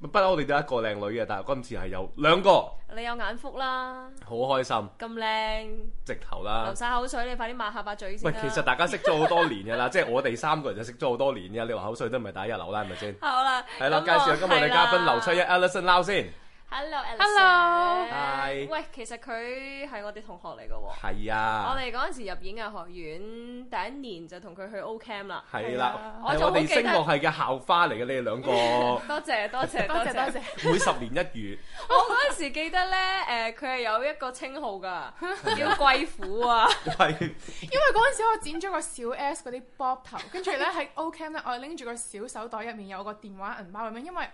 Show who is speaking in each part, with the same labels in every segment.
Speaker 1: 不嬲，我哋都一個靚女嘅，但係今次係有兩個。
Speaker 2: 你有眼福啦，好開心。咁靚，
Speaker 1: 直頭啦，流晒
Speaker 2: 口水，你快啲抹下把嘴先。喂，其實大家識咗好多
Speaker 1: 年嘅啦，即係我哋三個人就識咗好多年嘅，你話口水都唔係第一日流啦，係咪先？
Speaker 2: 好啦，係啦，介紹下今日嘅嘉賓劉
Speaker 1: 秋一 Alison Lau 先。
Speaker 2: Hello，Hello。喂，其實佢係我哋同學嚟嘅喎。
Speaker 1: 係啊，我哋
Speaker 2: 嗰陣時入演藝學院第一年就同佢去 Ocamp 啦。係啦，我就好聲樂系
Speaker 1: 嘅校花嚟嘅，你哋兩個多。多謝多謝多謝多
Speaker 2: 謝。多謝多謝每
Speaker 1: 十年一
Speaker 3: 遇，
Speaker 2: 我嗰陣時記得咧，誒、呃，佢係有一個稱號㗎，是啊、叫貴婦
Speaker 3: 啊。係。
Speaker 4: 因為嗰陣時我剪咗個小 S 嗰啲 Bob 頭，跟住咧喺 Ocamp 咧，我拎住個小手袋，入面有個電話銀包咁樣，mail，因為。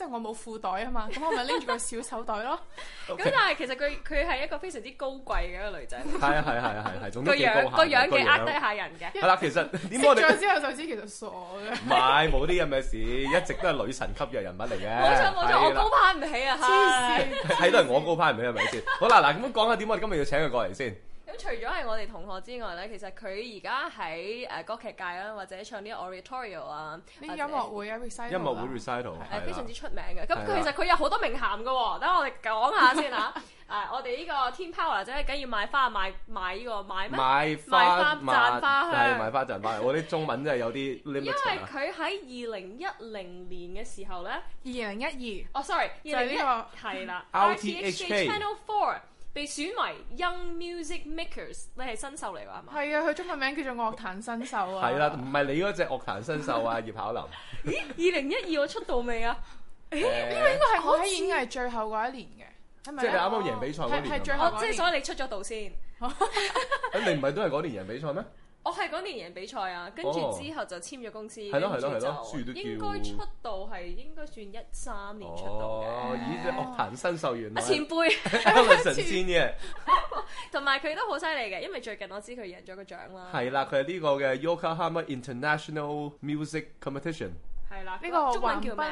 Speaker 4: 即係我冇褲袋啊嘛，咁我咪拎
Speaker 2: 住個小手袋咯。咁 Okay. 但係其實佢佢係一個非常之高貴嘅一個女仔。係啊係係
Speaker 1: 係，個樣個樣其實呃低
Speaker 2: 下人嘅。係啦，其
Speaker 1: 實點解我哋識咗之
Speaker 2: 後就知其實傻
Speaker 3: 嘅？唔係
Speaker 1: 冇啲咁嘅事， 一直都係女神級嘅人物嚟嘅。冇錯冇錯，我高
Speaker 2: 攀唔起啊！黐線，睇到 都係
Speaker 1: 我高攀唔起係咪先？好啦嗱，咁講下點我哋今日要請佢過嚟先。
Speaker 2: 咁除咗係我哋同學之外咧，其實佢而家喺誒歌劇界啦，或者唱啲 Oratorio 啊，啲音樂會啊，音樂會
Speaker 1: recital，誒非常之出
Speaker 2: 名嘅。咁其實佢有好多名銜嘅喎，等我哋講下先吓，誒，我哋呢個天 power 仔梗要買花買買呢個買咩？買花、讚花香，買花、
Speaker 1: 讚花。我啲中文真係有啲，因為佢
Speaker 2: 喺二零一零年嘅時候咧，二零一二，哦，sorry，二零一一係啦，RTHK Channel Four。被選為 Young Music Makers，你係新秀嚟話係嘛？係啊，佢中文名叫做樂壇新秀啊。係啦
Speaker 1: 唔係你嗰隻樂壇新秀啊， 葉巧琳 。
Speaker 2: 咦？二零一二我出道未啊？咦？呢個應該係次我喺演藝最後嗰一年嘅。係咪？即係你啱啱贏比賽嗰年。係係、哦啊，即係所以你出咗道先。
Speaker 1: 啊，你唔係都係嗰年贏比賽咩？
Speaker 2: 我係嗰年贏比賽啊，跟住之後就簽咗公司，跟住、哦、就應該出道係應該算一三年出
Speaker 1: 道嘅。樂壇新秀原來啊前輩，都係 神仙嘅。
Speaker 2: 同埋佢都好犀利嘅，因為最近我知佢贏咗個獎啦。係
Speaker 1: 啦，佢係呢個嘅 Yokohama International Music Competition。
Speaker 2: 係啦，呢、呢個中文叫咩？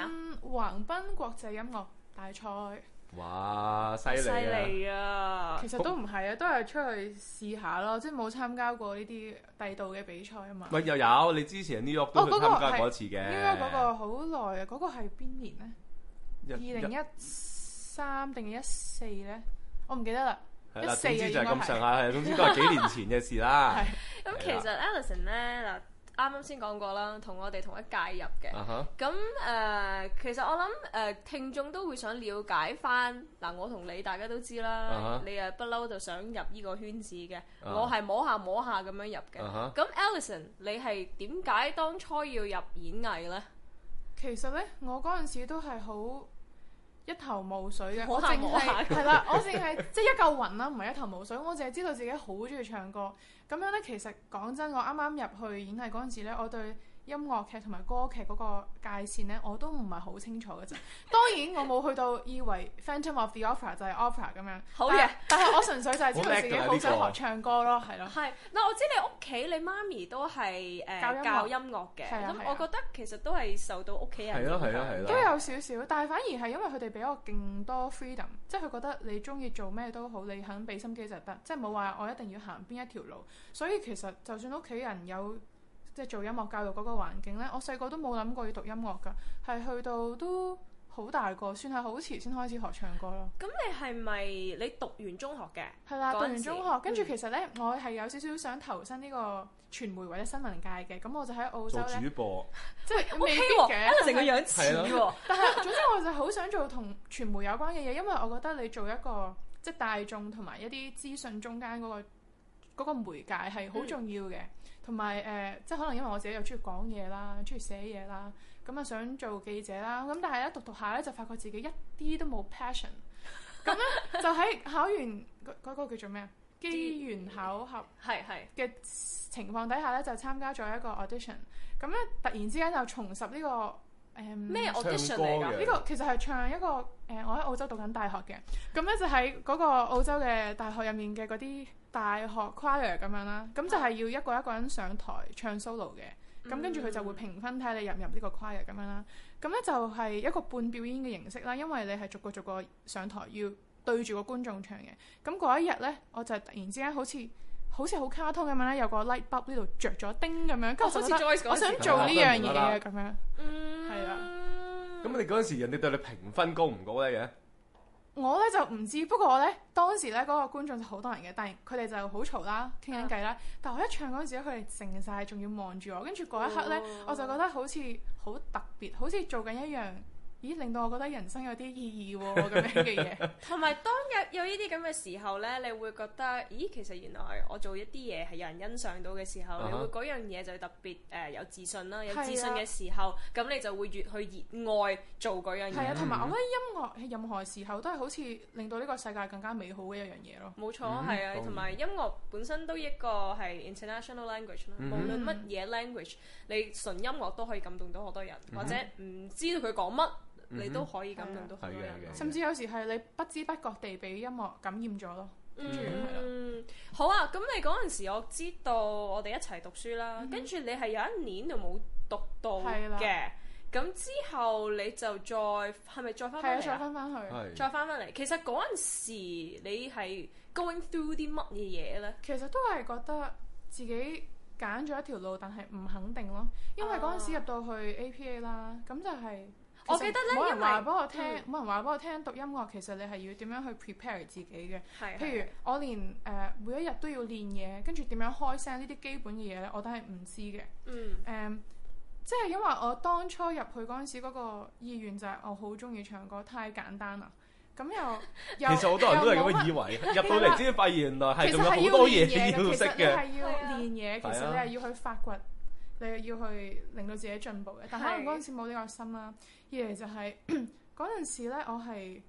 Speaker 2: 橫濱國際音樂大賽。
Speaker 1: 哇，犀利
Speaker 4: 啊！其實都唔係啊，都係出去試下咯，即係冇參加過呢啲地道嘅比賽啊嘛。喂，
Speaker 1: 又有，有，你之前 New York 都參加過一次嘅。New York 嗰
Speaker 4: 個好耐啊，嗰個係邊年咧？
Speaker 1: 二零一
Speaker 2: 三定一四咧？我唔記得啦。一四嘅。總之就係咁上下，係啊，總之都係幾年前嘅事啦。咁 了其實 Alison 咧嗱。啱啱先講過啦，同我哋同一屆入嘅。咁誒、uh huh. 呃，其實我諗誒、呃，聽眾都會想了解翻。嗱、呃，我同你，大家都知啦，uh huh. 你誒不嬲就想入呢個圈子嘅。我係摸下摸下咁樣入嘅。咁 Alli、uh huh. son 你係點解當初要入演藝呢？其實呢，
Speaker 4: 我嗰陣時都係好一頭霧水嘅。 摸下摸下，係啦，我淨係即係一嚿雲啦，唔係一頭霧水。我淨係知道自己好中意唱歌。咁樣咧，其實講真，我啱啱入去演藝嗰陣時咧，我對音樂劇同埋歌劇嗰個界線咧，我都唔係好清楚嘅啫。當然我冇去到以為《Phantom of the Opera》就係 opera 咁樣。好嘅。但係我純粹就係知道自己好想學唱歌咯，
Speaker 2: 係咯。 係，嗱，我知你屋企你媽咪都係誒、呃、教音樂嘅，咁、啊啊、我覺得其實都係受到屋企人係啦係啦係啦，都、啊啊啊啊啊、
Speaker 4: 有少少，但係反而係因為佢哋俾我勁多 freedom，即係佢覺得你中意做咩都好，你肯俾心機就得，即係冇話我一定要行邊一條路。所以其實就算屋企人有。即係做音樂教育嗰個環境咧，我細個都冇諗過要讀音樂㗎，係去到都好大個，算係好遲先開始學
Speaker 2: 唱歌咯。咁你係咪你讀完中學嘅？係啦的，時讀完中學，跟住其實咧，嗯、我係有
Speaker 4: 少少想投身呢個傳媒或者新聞界嘅。咁我就喺澳洲。主播即係 未必嘅，成、okay, 啊、 個樣似喎。但係總之我就好想做同傳媒有關嘅嘢，因為我覺得你做一個即係大眾同埋一啲資訊中間嗰、嗰個。嗰個媒介係好重要嘅，同埋誒，即係可能因為我自己又中意講嘢啦，中意寫嘢啦，咁啊想做記者啦，咁但係咧，讀讀下咧，就發覺自己一啲都冇 passion，咁咧 就喺考完嗰、嗰個叫做咩啊，機緣巧合，係係嘅情況底下咧，就參加咗一個 audition，咁咧，突然之間就重拾呢個誒咩 audition 嚟㗎？呢個其實係唱一個誒、呃，我喺澳洲讀緊大學嘅，咁咧就喺嗰個澳洲嘅大學入面嘅嗰啲。大學 choir 咁樣啦，咁就係要一個一個人上台唱 solo 嘅，咁跟住佢就會評分睇你入唔入呢個 choir 咁樣啦。咁咧就係一個半表演嘅形式啦，因為你係逐個逐個上台要對住個觀眾唱嘅。咁嗰一日咧，我就突然之間好似好似好卡通咁樣咧，有個 light bulb 呢度着咗丁咁樣，我、哦、好似再我想做呢樣嘢啊咁樣。啊、嗯，係啊。
Speaker 1: 咁你嗰陣時人哋對你評分高唔高咧？
Speaker 4: 我咧就唔知，不過我咧當時咧嗰、那個觀眾就好多人嘅，但係佢哋就好嘈啦，傾緊偈啦。啊、但我一唱嗰陣時佢哋靜晒仲要望住我，跟住嗰一刻咧，哦、我就覺得好似好特別，好似做緊一樣。咦，令到我覺得人生有啲意義喎、哦，咁樣嘅嘢。
Speaker 2: 同埋 當有有呢啲咁嘅時候呢，你會覺得，咦，其實原來我做一啲嘢係有人欣賞到嘅時候，你會嗰樣嘢就特別誒有自信啦，有自信嘅時候，咁 Yeah. 你就會越去熱愛做嗰樣嘢。係啊，同埋我覺得
Speaker 4: 音樂喺任何時
Speaker 2: 候都係好似令到呢個世界更加美好嘅一樣嘢咯。冇錯，係、mm hmm. 啊，同埋然音樂本身都一個係 international language 啦、mm，hmm. 無論乜嘢 language，你純音樂都可以感動到好多人，mm hmm. 或者唔知道佢講乜。你都可以感染到好多
Speaker 3: 人，甚至
Speaker 2: 有時
Speaker 4: 係你不知不覺地俾音樂感染咗咯。嗯，
Speaker 2: 的好啊。咁你嗰陣時我知道我哋一齊讀書啦，跟住、嗯、哼你係有一年就冇讀到嘅。咁的之後你就再係咪再翻去？係啊的，再翻翻去，再翻翻嚟。其實嗰陣時你係 going through 啲乜嘢嘢呢？其實都
Speaker 4: 係覺得自己揀咗一條路，但係唔肯定咯。因為嗰陣時入到去 APA 啦，咁就係、是。我記得咧，冇人話畀我聽，冇人話畀我聽讀音樂。其實你係要點樣去 prepare 自己嘅？係。譬如我連誒每一日都要練嘢，跟住點樣開聲呢啲基本嘅嘢咧，我都係唔知嘅。嗯。誒，即係因為我當初入去嗰陣時，嗰個意願就係我好中意唱歌，太簡單啦。咁又，其實好多人都係咁樣以為，入到嚟先
Speaker 1: 發現原來係有好多嘢要要識，其實係
Speaker 4: 要練嘢，其實你係要去發掘。你要去令到自己進步嘅，但可能嗰陣時冇呢個心啦。的二嚟就係嗰陣時咧，我係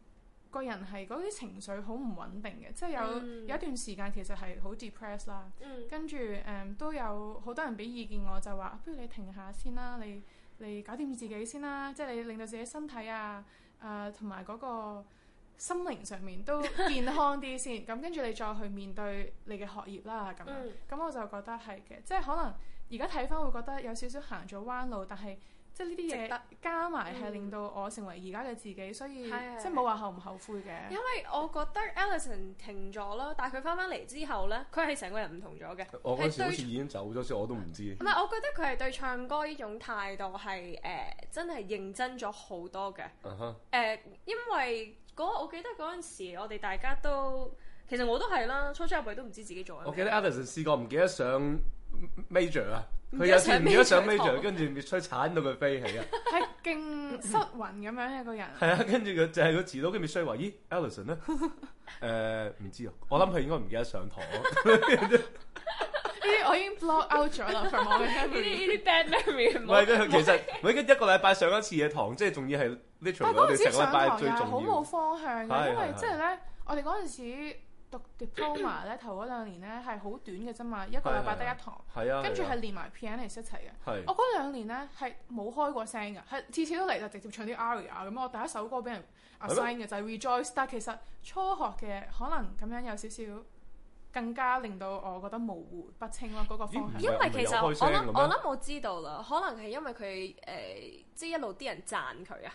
Speaker 4: 個人係嗰啲情緒好唔穩定嘅，即係有、嗯、有一段時間其實係好 depressed 啦。嗯、跟住誒、嗯、都有好多人俾意見，我就話、啊、不如你停下先啦，你你搞掂自己先啦，即係你令到自己身體啊，誒同埋嗰個。心靈上面都健康啲先，咁跟住你再去面對你嘅學業啦，咁樣，咁我就覺得係嘅，即係可能而家睇翻會覺得有少少行咗彎路，但係即係呢啲嘢加埋係令到我成為而家嘅自己，所以即係冇話後唔後
Speaker 2: 悔嘅。因為我覺得 Ellison 停咗咯，但係佢翻翻嚟之後咧，佢係成個人唔同咗嘅。我嗰時好似已
Speaker 1: 經走咗先，我都唔知。唔係，
Speaker 2: 我覺得佢係對唱歌呢種態度係誒真係認真咗好多嘅。誒，因為。我記得嗰陣時，我哋大家都其實我都係啦，初初入去都唔知自己做嘢。我記得 Allison
Speaker 1: 試過唔記得上 major 啊，佢不有時唔記得上 major，跟住咪吹鏟到佢飛起啊，
Speaker 4: 係勁失魂咁樣一個人。係 啊，
Speaker 1: 跟住佢就係佢遲到，跟住衰 i 話：咦 Allison 咧？誒唔知啊，我諗佢應該唔記得上堂。
Speaker 4: 我已經 block out 咗啦，from all 呢啲 band name 唔係，其
Speaker 1: 實我已經一個禮拜上一次嘅堂，即係仲要係 literal。上堂又好冇方
Speaker 4: 向嘅，因為即係咧，我哋嗰陣時讀 diploma 咧頭嗰兩年咧係好短嘅啫嘛，一個禮拜得一堂。係啊。跟住係連埋 piano 係一齊嘅。我嗰兩年咧係冇開過聲嘅，係次次都嚟就直接唱啲 aria 咁。我第一首歌俾人 assign 嘅就係 Rejoice，但其實初學嘅可能咁樣有少少。更加令到我覺得模糊不清咯，嗰個方向。因為其實我諗我諗我
Speaker 2: 知道啦，可能係因為佢誒即係一路啲人讚佢啊，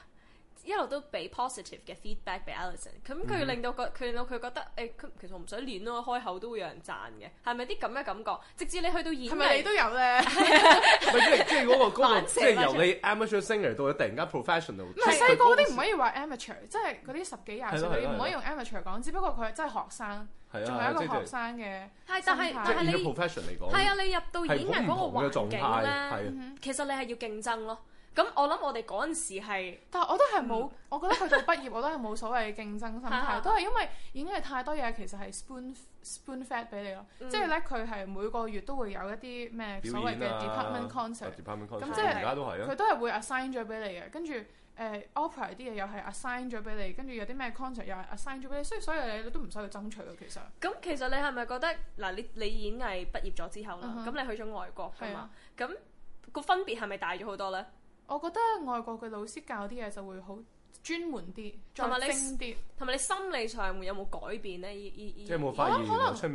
Speaker 2: 一路都俾 positive 嘅 feedback 俾 Allison，咁佢令到個佢令到佢覺得誒佢其實我唔想練咯，開口都會有人讚嘅，係咪啲咁嘅感覺？直至你去到現場，係咪你都有咧？
Speaker 3: 即係即係嗰個嗰個，即係由
Speaker 4: 你
Speaker 1: amateur singer 到突然間 professional。唔係
Speaker 4: 細個啲唔可以話 amateur，即係嗰啲十幾廿歲你唔可以用 amateur 講，只不過佢係真係學生。仲有
Speaker 1: 一個學生嘅，係，但
Speaker 2: 係，但係你，係啊，你入到演藝嗰個環境咧，其實你係要競爭咯。咁、嗯、我諗我哋嗰陣時係，但係我都係冇， 我覺得佢哋畢業我都係冇所謂嘅競
Speaker 4: 爭心態， 都係因為演藝太多嘢其實係 spoon spoon fed 俾你咯。即係咧，佢係每個月都會有一啲咩所謂嘅 department concert，咁即係大家都係佢、啊、都係會 assign 咗俾你嘅，跟住。誒、uh, Opera 啲嘢又係 assign 咗俾你，跟住有啲咩 concert
Speaker 2: 又係 assign 咗俾你，所以所有嘢你都唔使去爭取嘅其實。咁、嗯、哼其實你係咪覺得嗱、啊、你你演藝畢業咗之後啦，咁、嗯、哼你去咗外國係嘛，咁個的分別係咪大咗好多咧？
Speaker 4: 我覺得外國嘅老師教啲嘢就會好專門啲，同埋你啲，
Speaker 2: 同埋你心理上有冇改變咧？依、e, 依、e, e、即係冇發現出、啊、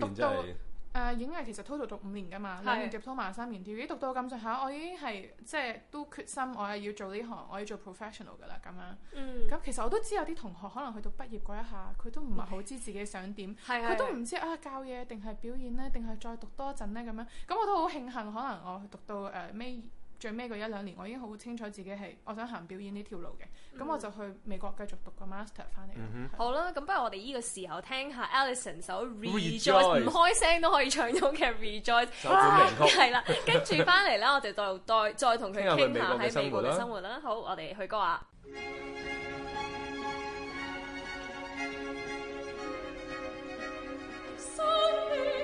Speaker 3: 面
Speaker 4: 誒、呃、演藝其實 total 讀五年噶嘛，的兩年接拖麻，三年接。而家讀到咁上下，我已經係即係都決心，我係要做呢行，我要做 professional 噶啦咁樣。嗯，咁其實我都知有啲同學可能去到畢業嗰一下，佢都唔係好知自己想點，佢 的都唔知啊教嘢定係表演咧，定係再讀多一陣咧咁樣。咁我都好慶幸，可能我讀到誒尾，呃最尾嗰一兩年，我已經好清楚自己係我想行表演呢條路嘅，咁、嗯、我就去美國繼續讀個 master 翻嚟。嗯、哼是好
Speaker 2: 啦，咁不如我哋呢個時候聽下 Alison 首 rejoice，唔 Re 開聲都可以唱到嘅 rejoice，係啦。 跟住翻嚟咧，我哋再再再同佢傾下喺美國嘅生活啦。好，我哋去歌啊。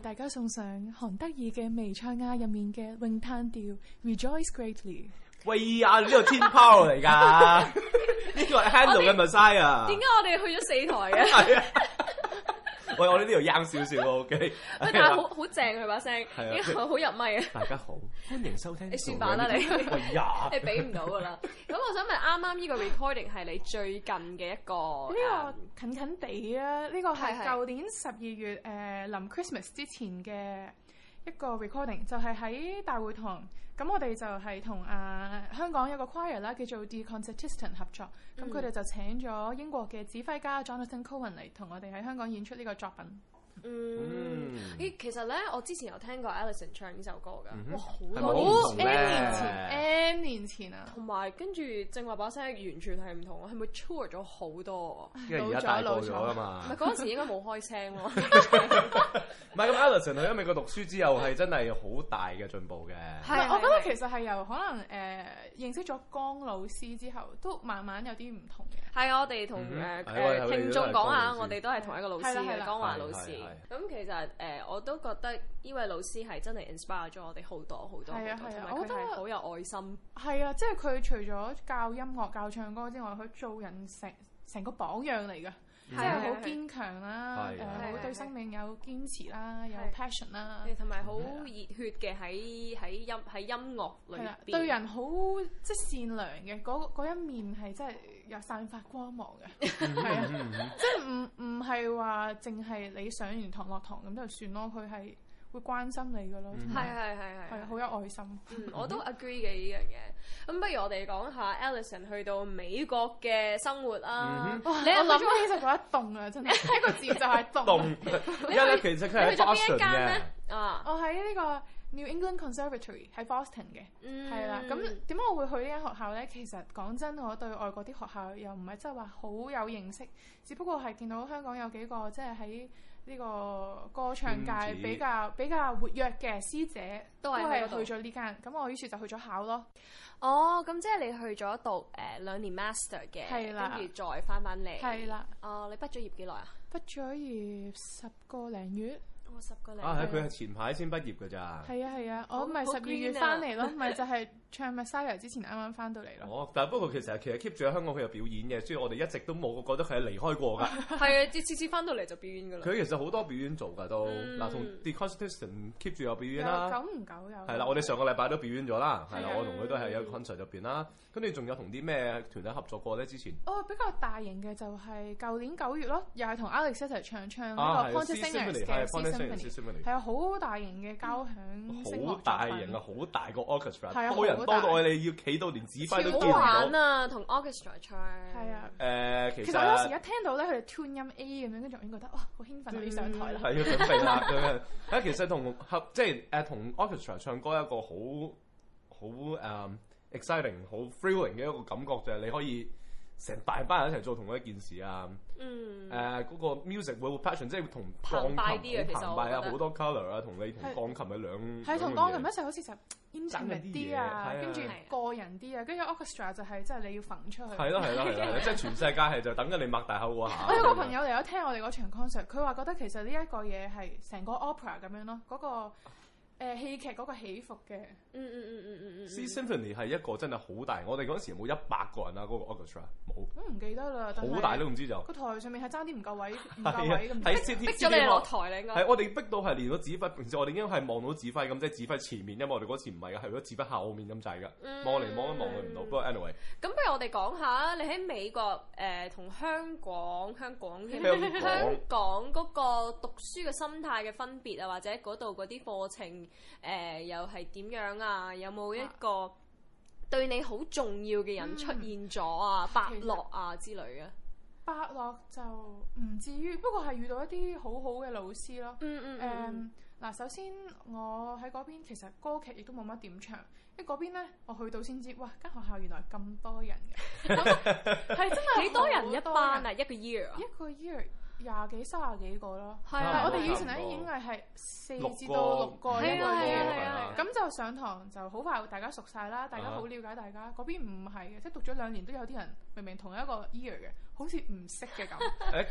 Speaker 4: 大家送上韓德爾嘅《彌賽亞》入面嘅詠嘆調《Rejoice Greatly》。
Speaker 1: 喂，喂啊呢個天拋嚟噶，
Speaker 2: 呢個係 handle 嘅 Messiah 啊？點解 我哋去咗四台啊？啊。
Speaker 1: 我我呢度陰少少喎，OK
Speaker 3: 但很。但係好
Speaker 2: 好正佢把聲，係啊 吧，好入咪。啊。大
Speaker 3: 家好，歡迎收聽。你算吧啦種你，我、哎、呀 你俾唔到㗎
Speaker 2: 啦。咁我想問，啱啱呢個 recording 係你最近嘅一個？
Speaker 3: 呢、 嗯、個
Speaker 4: 近近地啊，呢、這個係舊年十二月誒、呃，臨 Christmas 之前嘅。一個 recording 就係喺大會堂，咁我哋就係同啊香港有個 choir 啦，叫做 The Concertisten 合作，咁佢哋就請咗英國嘅指揮家 Jonathan Cohen 嚟同我哋喺香港演出呢個作品。
Speaker 3: 嗯，
Speaker 2: 咦，其實咧，我之前有聽過 Alison 唱呢首歌㗎，哇，
Speaker 3: 好多年前
Speaker 2: ，N 年前啊，同埋跟住正話把聲完全係唔同啊，係咪 mature 咗好多？老咗老咗啊嘛，唔係嗰陣時應該冇開聲咯。
Speaker 1: 唔係咁，Alison 去美國讀書之後係真係好大嘅進步嘅。係，
Speaker 2: 我覺得其實係由可能
Speaker 4: 誒認識咗江老師之後，都慢慢有啲唔同嘅。係啊，我哋
Speaker 2: 同誒誒聽眾講下，我哋都係同一個老師，江華老師。咁其實誒、呃，我都覺得呢位老師係真係 inspire 咗我哋好多好多，係啊係啊，佢係好有愛心，
Speaker 4: 係啊，即係佢除咗教音樂、教唱歌之外，佢做人成成個榜樣嚟㗎。 即係好堅強啦，好對
Speaker 2: 生命有堅持啦、啊，有 passion 啦、啊，同埋好熱血嘅喺喺音喺音樂裏邊。對人
Speaker 4: 好即善良嘅嗰一面係真係又散發光芒嘅，係啊，即係唔唔係話淨係你上完堂落堂咁就算咯，佢
Speaker 2: 係。會關心你噶咯，係係係係，係好有愛心。我都 agree 嘅呢樣嘢。咁不如我哋講下 Alison 去到美國嘅生活啦。我諗起就係
Speaker 4: 一凍啊，真係一個字就係
Speaker 1: 凍。其實佢去咗邊一間咧？
Speaker 3: 啊，我
Speaker 4: 喺呢個 New England Conservatory 喺 f Boston 嘅，係啦。咁點解我會去呢間學校咧？其實講真，我對外國啲學校又唔係真係話好有認識，只不過係見到香港有幾個即係喺。呢個歌唱界比較、嗯、比較活躍嘅師姐都係去咗呢間，咁我於是就去咗考咯。
Speaker 2: 哦，咁即係你去咗讀誒、呃、兩年 master 嘅，跟住再翻翻嚟。係啦。哦啦、呃，你畢咗業幾耐啊？
Speaker 4: 畢咗業十個零月，我、哦、十個零。啊，係佢係
Speaker 1: 前排先畢業㗎咋。係啊係
Speaker 4: 啊，啊啊好我咪十二月翻嚟咯，咪就係。 唱咪 Sarah 之前啱啱翻到嚟咯。
Speaker 1: 哦，但不過其實其實 keep 住喺香港佢有表演嘅，所以我哋一直都冇覺得佢離開過㗎。
Speaker 2: 係啊，次次翻到嚟就表演㗎啦。佢
Speaker 1: 其實好多表演做㗎都嗱，同 decomposition keep 住有表演啦。久
Speaker 2: 唔久有？係啦，
Speaker 1: 我哋上個禮拜都表演咗啦。係啦，我同佢都係有 concert 入邊啦。跟住仲有同啲咩團體合作過咧？之前
Speaker 4: 哦，比較大型嘅就係舊年九月咯，又係同 Alex 一齊唱唱嗰個 concerting 嘅 concerting。係啊，好大型嘅交響，好大型
Speaker 1: 啊！好大個 orchestra，好多多到你要企到連指揮都見到。好玩
Speaker 4: 啊，同 orchestra 唱。係
Speaker 1: 啊。誒、呃，其實，其實我有時
Speaker 4: 一聽到咧，佢哋 tune 音 A 咁樣，跟住我已經覺得哇，好、哦、興奮可以、嗯啊、上台啦。係要、啊、準備啦咁樣。
Speaker 1: 啊， 其實同合即係誒，同、就是、orchestra 唱歌一個好好誒 exciting、好 thrilling 嘅一個感覺就係、是、你可以。成大班人一齊做同一件事啊！
Speaker 3: 嗯，
Speaker 1: 誒嗰、呃嗰個 music 會 passion，即係同鋼琴好澎湃啊，好多 colour 啊，同你同鋼琴嘅兩係同鋼琴一
Speaker 4: 齊好似就 intimate 啲啊，跟住個人啲啊，跟住、啊、orchestra 就係即係你要揈出去係咯係咯係咯，即係全
Speaker 1: 世界係就等緊你擘大口啊。 我有個朋友
Speaker 4: 嚟咗聽我哋嗰場 concert，佢話覺得其實呢一個嘢係成個 opera 咁樣咯，嗰、嗰個誒戲劇嗰個起伏嘅，嗯嗯嗯嗯嗯嗯，Sea Symphony
Speaker 1: 係一個真係好大，我哋嗰時冇一百個人啊，嗰個 Orchestra 冇，我唔
Speaker 4: 記得啦，好大都唔知就個台上面係爭啲唔夠位，唔夠位咁逼咗你落台咧，係我
Speaker 1: 哋逼到係連個指揮，而且我哋已經係望到指揮咁，即係指揮前面因咁，我哋嗰次唔係嘅，係咗指揮後面咁滯嘅，望嚟望都望佢唔到。不過 anyway，
Speaker 2: 咁不如我哋講下你喺美國誒同香港香港香港嗰個讀書嘅心態嘅分別啊，或者嗰度嗰啲課程。誒、呃，又係點樣啊？有冇一個對你好重要嘅人出現咗啊？伯樂、嗯、啊之類嘅？伯
Speaker 4: 樂就唔至於，不過係遇到一啲好好嘅老師咯。嗯嗯。誒、嗯，嗱、嗯嗯，首先我喺嗰邊其實歌劇亦都冇乜點唱，因為嗰邊咧，我去到先知，哇！間學校原來咁多人
Speaker 3: 嘅，係 真係幾多人一班啊？ 一
Speaker 4: 個 year，啊！一個 year。廿幾、三十幾個咯，係啊，我哋以前啲演藝係四至到六個，係啊係啊係啊，咁就上堂就好快，大家熟晒啦，大家好了解大家。嗰邊唔係嘅，即係讀咗兩年都有啲人明明同一個 year 嘅，好似唔識嘅咁。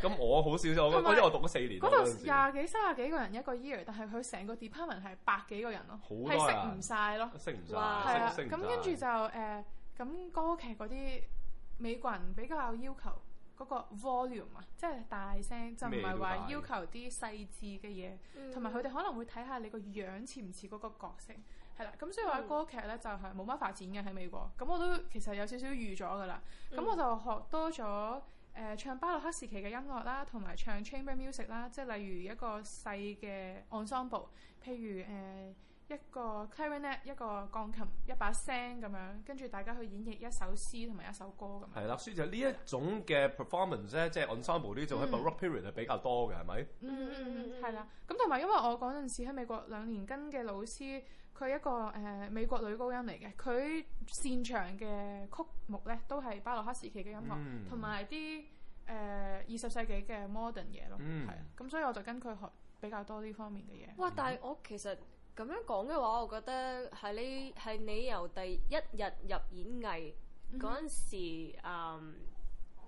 Speaker 1: 誒，咁我好少少，我覺得我讀咗四年。嗰度廿
Speaker 4: 幾、三十幾個人一個 year，但係佢成個 department 係百幾個人咯，係識唔晒咯，識唔曬，係啊，咁跟住就誒，咁歌劇嗰啲美國人比較有要求。嗰個 volume 啊，即係大聲，就唔係話要求啲細緻嘅嘢，同埋佢哋可能會睇下你個樣似唔似嗰個角色，係啦。咁所以話歌劇咧、嗯、就係冇乜發展嘅喺美國。咁我都其實有少少預咗㗎啦。咁、嗯、我就學多咗誒、呃、唱巴洛克時期嘅音樂啦，同埋唱 Chamber Music 啦，即係例如一個細嘅 ensemble，譬如誒。呃一個 clarinet，一個鋼琴，一把聲咁樣，跟住大家去演繹一首詩同埋一首歌咁。
Speaker 1: 係啦，所以就呢一種嘅 performance 咧的，即係 ensemble 呢就喺 Baroque period 係比較多嘅，係咪、嗯的嗯？嗯
Speaker 4: 嗯嗯，係啦。咁同埋因為我嗰陣時喺美國兩年跟嘅老師，佢一個誒、呃、美國女高音嚟嘅，佢擅長嘅曲目咧都係巴洛克時期嘅音樂，同埋啲誒
Speaker 2: 二十世紀嘅 modern 嘢咯。嗯，咁所以我就跟佢學比較多呢方面嘅嘢。哇、嗯！但係我其實～咁樣講嘅話，我覺得係你係你由第一日入演藝嗰陣、嗯、哼時，嗯、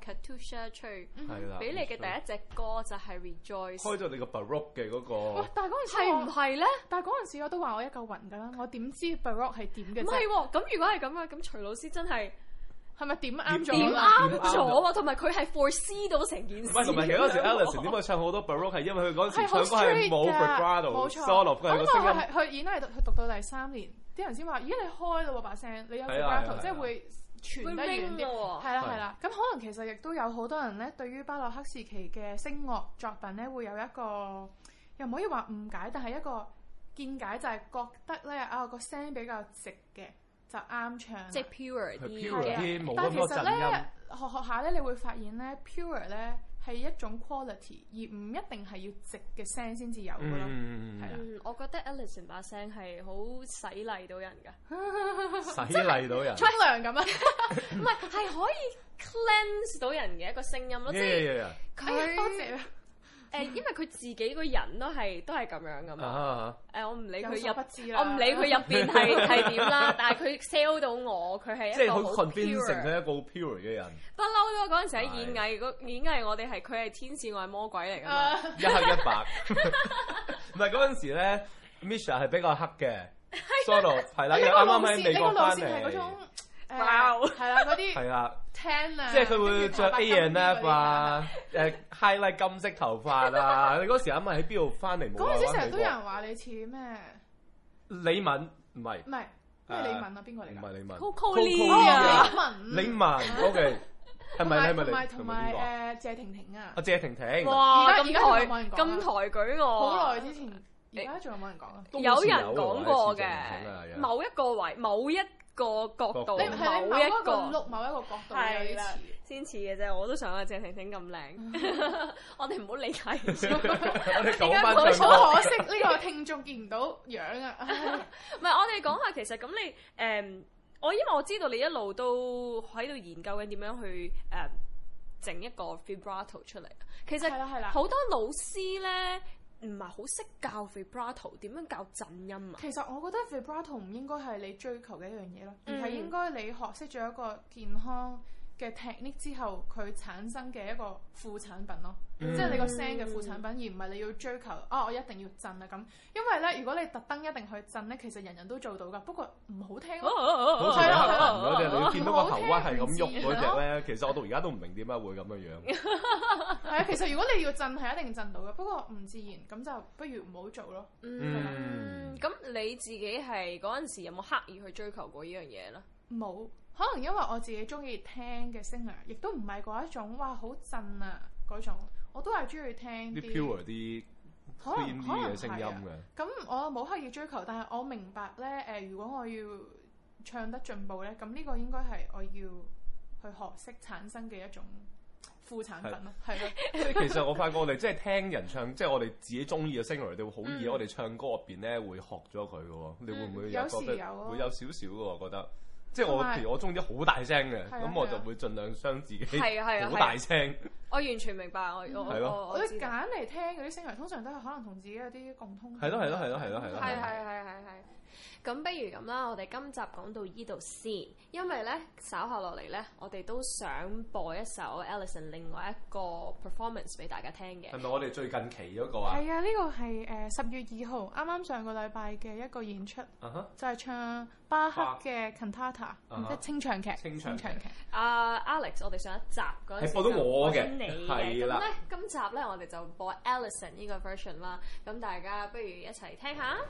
Speaker 2: um，Katusha 出去，係啦、嗯哼，俾你嘅第一隻歌就係 Rejoice，開咗
Speaker 1: 你個 Baroque 嘅嗰、嗰個，
Speaker 2: 但係嗰陣時係
Speaker 4: 唔係咧？但係嗰陣時，我，是是時我都話我一嚿雲㗎啦，我點知 Baroque 係點嘅？唔係喎，咁、啊、如果係咁嘅，
Speaker 2: 咁徐老師真係。係咪點啱咗？點啱咗？同埋佢係 for 撕到成件事。唔係，其實 a l e x n
Speaker 1: 點解唱好多 Baroque 係因為佢嗰時唱歌係冇 Barbado，巴洛佢
Speaker 4: 佢演藝讀佢讀到第三年，啲人先話，咦，你開咯喎把聲，你有 b 即係會傳得遠啲。係啦係啦。咁可能其實亦都有好多人咧，對於巴洛克時期嘅聲樂作品咧，會有一個又唔可以話誤解，但係一個見解就係覺得咧啊個聲比較直嘅。就啱唱，即係 pure 啲嘅。就是、但其實咧，學學下咧，你會發現咧，pure 咧係一種 quality，而唔一定係要直嘅聲先至有噶咯。嗯嗯嗯。係啊啦、
Speaker 2: 嗯，我覺得 Alison 成把聲係好洗禮到人噶，
Speaker 3: 洗禮到人，沖
Speaker 2: 涼咁樣！唔係，係 可以 cleanse 到人嘅 一個聲音咯。即咩咩，多謝。誒，因為佢自己個人咯，係都係咁樣噶嘛。誒，我唔理佢入，我唔理佢入邊係係點啦。但係佢 sell 到我，佢係即係佢 convinced 成咗一
Speaker 1: 個 pure 嘅人。
Speaker 2: 不嬲咯，嗰陣時喺演藝演藝，我哋係佢係天使，我係魔鬼嚟、啊、㗎。一黑一
Speaker 1: 白。唔係嗰陣時咧，Misha 係比較黑嘅。
Speaker 2: Solo 係啦，因為啱啱喺美國翻嚟。
Speaker 4: 包係啦，嗰啲，聽啊，即係佢會着 A and F 啊，
Speaker 1: 誒 highlight 金色頭髮啊，你嗰時啱啱喺邊度翻嚟冇？嗰陣時成日都有人
Speaker 4: 話你似咩？
Speaker 1: 李敏唔係唔
Speaker 4: 係咩？李敏啊，
Speaker 1: 邊個嚟㗎？唔係李敏。c o l i 啊，李敏。李敏，OK，係咪係咪同埋誒
Speaker 4: 謝
Speaker 2: 婷婷
Speaker 1: 啊。啊，謝婷婷。哇，
Speaker 2: 咁抬咁抬舉我。好耐之前，而家仲有冇人講啊？有人講過嘅，某一個位，某一。個角度你某一個，某一個，某一個角度先似嘅啫，我都想阿鄭婷婷咁靚，我哋唔好理
Speaker 3: 解。好可
Speaker 4: 惜呢個
Speaker 2: 聽眾見唔到樣啊！唔係我哋講下，其實咁你，誒、嗯，我因為我知道你一路都喺度研究緊點樣去誒整、嗯、一個 vibrato 出嚟。其實好多老師咧。唔係好識教 vibrato 點樣教振音啊！其實我覺得 vibrato 唔應該係你追求嘅一樣嘢咯，嗯、而係應
Speaker 4: 該你學識咗一個健康。嘅 technique 之後，佢產生嘅一個副產品咯，即係你個聲嘅副產品，而唔係你要追求啊！我一定要震啊咁。因為咧，如果你特登一定去震咧，其實人人都做到噶，不過唔好聽咯。唔好聽，
Speaker 3: 我哋你要見到個
Speaker 1: 頭骨係咁喐嗰隻咧，其實我到而家都唔明點解會咁樣樣。
Speaker 4: 係啊，其實如果你要震係一定震到嘅，不過唔自然咁就不如唔好做咯。嗯，
Speaker 2: 咁你自己係嗰陣時有冇刻意去追求過呢樣嘢咧？
Speaker 4: 冇。可能因為我自己中意聽嘅 singer，亦都唔係嗰一種哇好震啊嗰種，我都係中意聽啲 pure 啲，
Speaker 1: 可能嘅聲音嘅、啊。
Speaker 4: 咁、嗯、我冇刻意追求，但係我明白咧誒、呃，如果我要唱得進步咧，咁呢個應該係我要去學識產生嘅一種副產品咯，
Speaker 3: 係咯。即係其實
Speaker 1: 我發覺我哋即係聽人唱，即、就、係、是、我哋自己中意嘅 singer，都會好易我哋唱歌入邊咧會學咗佢嘅喎，你會唔會有覺得、嗯、有時有會有少少我覺得？即係我其實我中意啲好大聲嘅，咁我就會盡量傷自己，係啊，係啊，好大聲。
Speaker 2: 我完全明白，我我我，我揀嚟聽嗰啲聲，係通常都係可能同自己有啲共通。係咯係咯係咯係咯係。係係係係係。咁不如咁啦，我哋今集講到依度先，因為咧稍後落嚟咧，我哋都想播一首 Alison 另外一個 performance 俾大家聽嘅。係
Speaker 1: 咪我哋最近期嗰個啊？
Speaker 2: 係啊，呢個係誒十月二號
Speaker 4: 啱啱上個禮拜嘅一個演出，就係唱。巴赫嘅 Cantata，即係清唱劇。清唱劇。啊、uh,
Speaker 2: Alex，我哋上一集嗰陣時播到我嘅，你嘅。咁 咧樂，今集咧我哋就播 Alison 呢個 version 啦。咁大家不如一齊聽下。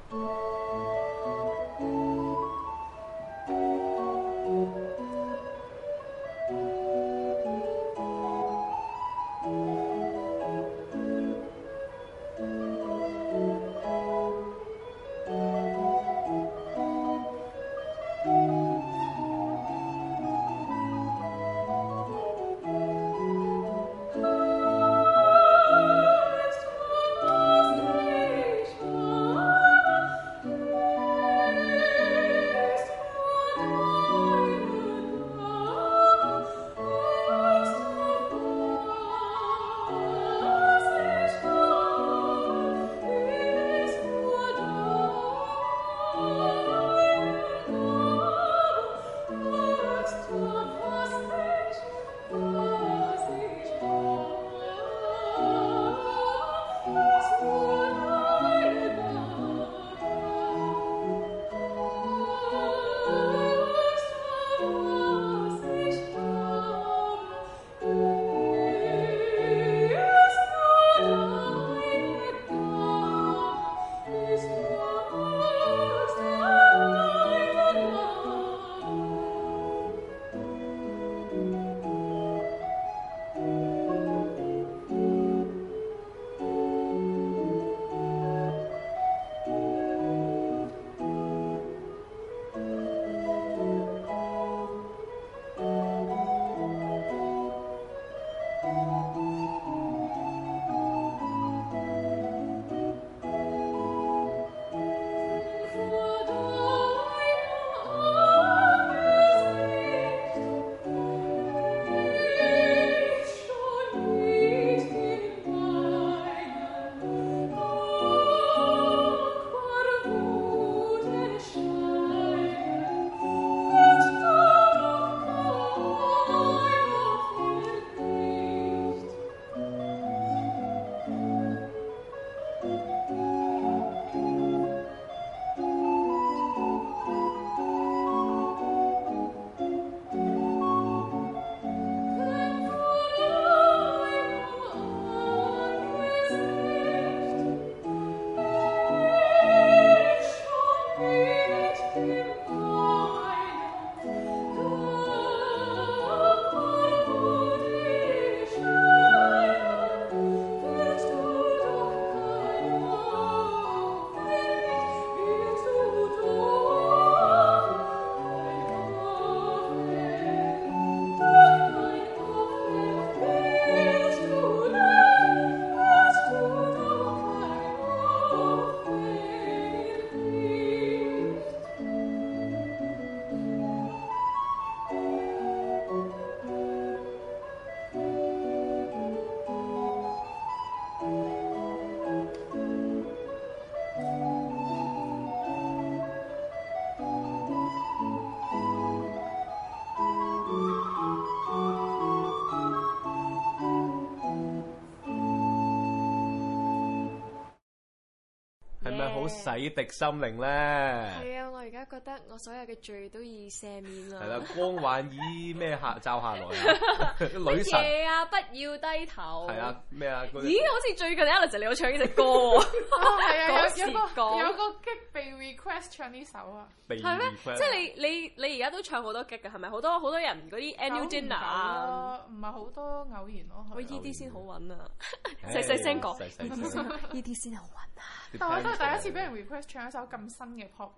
Speaker 1: 洗滌心靈咧，
Speaker 2: 係啊！我而家覺得我所有嘅罪都已赦免啦。係啦，
Speaker 1: 光環依咩下罩下來啊！ 女神
Speaker 2: 啊，不要低頭。係啊，咩啊？那個、咦，好似最近 Alex 嚟我唱呢隻歌喎。係啊、 哦，有有歌，有歌。被 request 唱呢首啊，係咩嗎？即係你、啊、你你而家都唱好多 gig 㗎，係咪好多好多人嗰啲 annual dinner 啊？唔係好多偶然咯。喂、欸，依啲先好揾啊！細細聲講，依啲先好揾啊！Dep ends 但我都係第一次俾人
Speaker 4: request 唱一首咁新嘅 pop。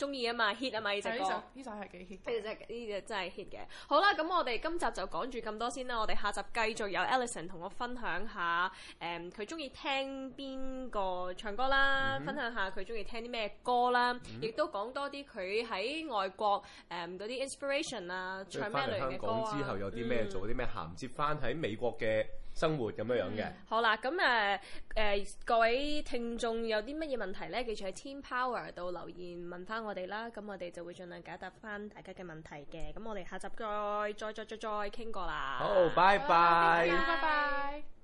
Speaker 2: 中意啊嘛 hit 啊嘛呢首呢
Speaker 4: 首係幾 hit，呢隻
Speaker 2: 真係 hit 嘅。好啦，咁我哋今集就講住咁多先啦。我哋下集繼續有 Ellison 同我分享下，誒佢中意聽邊個唱歌啦，嗯、分享下佢中意聽啲咩歌啦，亦、嗯、都講多啲佢喺外國誒嗰、嗯、啲 inspiration 啊，嗯、唱咩類型嘅歌啊。之後有啲咩、嗯、
Speaker 1: 做啲咩，銜接翻喺美國嘅。生活咁樣樣嘅、嗯、
Speaker 2: 好啦，咁誒誒，各位聽眾有啲乜嘢問題咧，記住喺 Team Power 度留言問翻我哋啦，咁我哋就會盡量解答翻大家嘅問題嘅。咁我哋下集再再再再再傾過啦。好，拜拜，好，拜
Speaker 3: 拜。